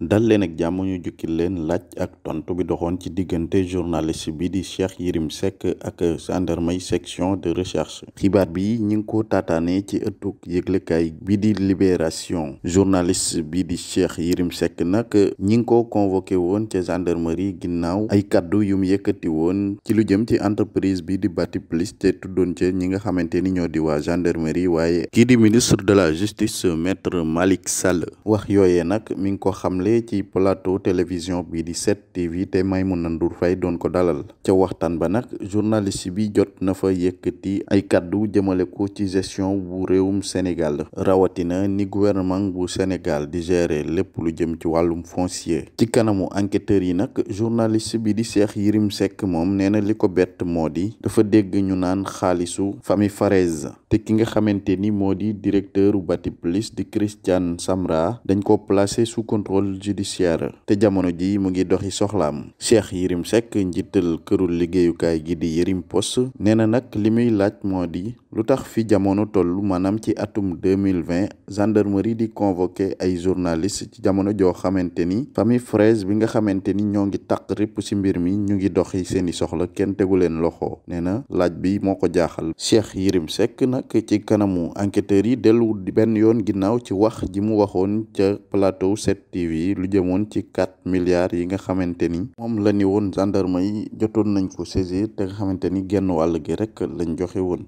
dal leen ak jàmm ñu jukki leen laaj ak tontu bi doxoon ci diggante journaliste bii di Cheikh Yérim Seck ak gendarmerie section de recherche xibaar bi ñi ngi ko taataane ci ëttug yëglekaay bi di libération journaliste bii di Cheikh Yérim sekk nag ñi ngi ko convoqué woon ca gendarmerie ginnaaw ay kaddu yu yëkkati woon ci lu jëm ci entreprise bii di Batiplus te tuddoon ca ñi nga xamante ni ñoo di waa gendarmerie waaye kii di ministre de la justice maître Malick Sall wax yooyee nag mi ngi ko xamle foofee ci plateau télévision bi di 7TV te Maimouna Ndour Faye doon ko dalal ca waxtaan ba nag journaliste bi jot na fa yëkkati ay kàddu jëmale ko ci gestion bu réewum Sénégal rawatina ni gouvernement bu Sénégal di gérer lépp lu jëm ci wàllum foncier ci kanamu enquêteurs yi nag journaliste bi di Cheikh Yirim Seck moom nee na li ko bett moo di dafa dégg ñu naan xaalisu famille Farès te ki nga xamante ni moo di directeur u Batiplus di Christian Samra dañ ko placé contrôle judiciaire te jamono ji mu ngi doxi soxlaam Cheikh Yérim Seck njiital kërul liggéeyukaay gi di Yérim Post nee na nag li muy laaj moo di lu tax fi jamono toll maanaam ci atum 2020 gendarmerie di convoqué ay journaliste ci jamono joo xamante ni famille Fraisse bi nga xamante ni ñoo ngi taq ripp ci mbir mi ñu ngi doxi seeni soxla kenn tegu leen loxo nee na laaj bi moo ko jaaxal Cheikh Yérim Seck nag ci kanamu enquêteurs yi dellu benn yoon ginnaaw ci wax ji mu waxoon ca plateau 7TV lu jëmoon ci 4 milliards yi nga xamante ni moom la ni woon gendarme yi jotoon nañ ko saisir te nga xamante ni genn wàll gi rek lañ joxe woon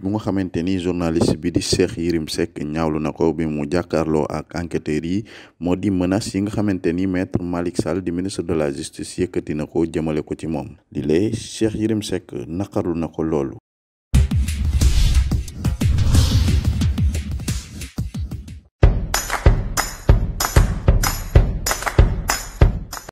bu nga xamante ni journaliste bi di Cheikh Yérim Seck ñaawlu na ko bi mu jàkkaarloo ak enquêteurs yi moo di menace yi nga xamante ni maître Malick Sall di ministre de la justice yëkkati na ko jëmale ko ci moom li lay Cheikh Yérim Seck naqarlu na ko loolu